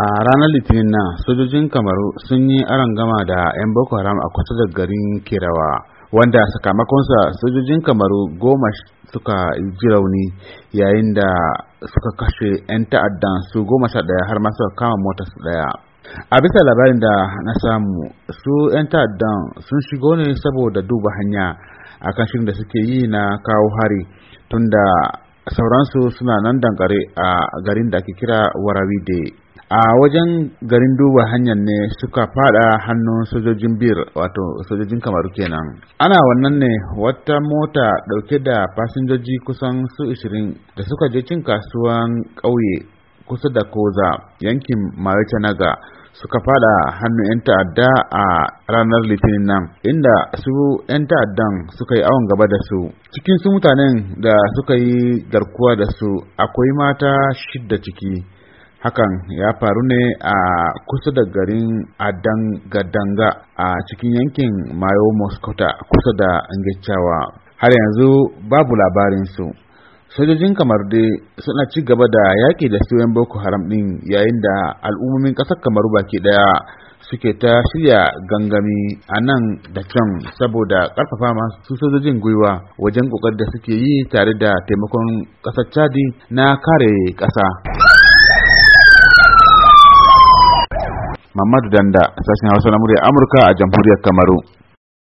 a ranar litinin nan sojojin kamaru sun yi gama da 'yan boko haram a kusa da garin kirawa wanda sakamakonsa sojojin kamaru goma suka ji rauni yayin da suka kashe 'yan ta'addan su goma sha daya har ma kama mota su daya a bisa labarin da na samu su 'yan ta'addan sun shigo ne saboda duba hanya a kashin da suke yi na kawo hari tunda sauransu suna nan dangare a garin da ake kira warawide a wajen garin duba hanyar ne suka fada hannun sojojin bir wato sojojin kamaru kenan ana wannan ne wata mota dauke da fasinjoji kusan su 20 da suka je cin kasuwan kauye kusa da koza yankin naga suka fada hannun 'yan ta'adda a ranar litinin nan inda su 'yan ta'addan suka yi awon gaba da su cikin su mutanen da suka yi garkuwa da su akwai mata shidda ciki hakan ya faru ne a kusa da garin adangadanga a cikin yankin mayo muskota kusa da angicawa har yanzu babu labarinsu sojojin kamar dai suna ci gaba da yaƙi da siyoyin boko haram ɗin yayin da al'ummomin ƙasar kamaru baki ɗaya suke ta shirya gangami a nan da can saboda ƙarfafa masu sojojin gwiwa wajen ƙoƙarin da suke yi tare da taimakon ƙasar chadi na kare ƙasa Ahmadu Danda sashen Hausa na murya Amurka a jamhuriyar Kamaru.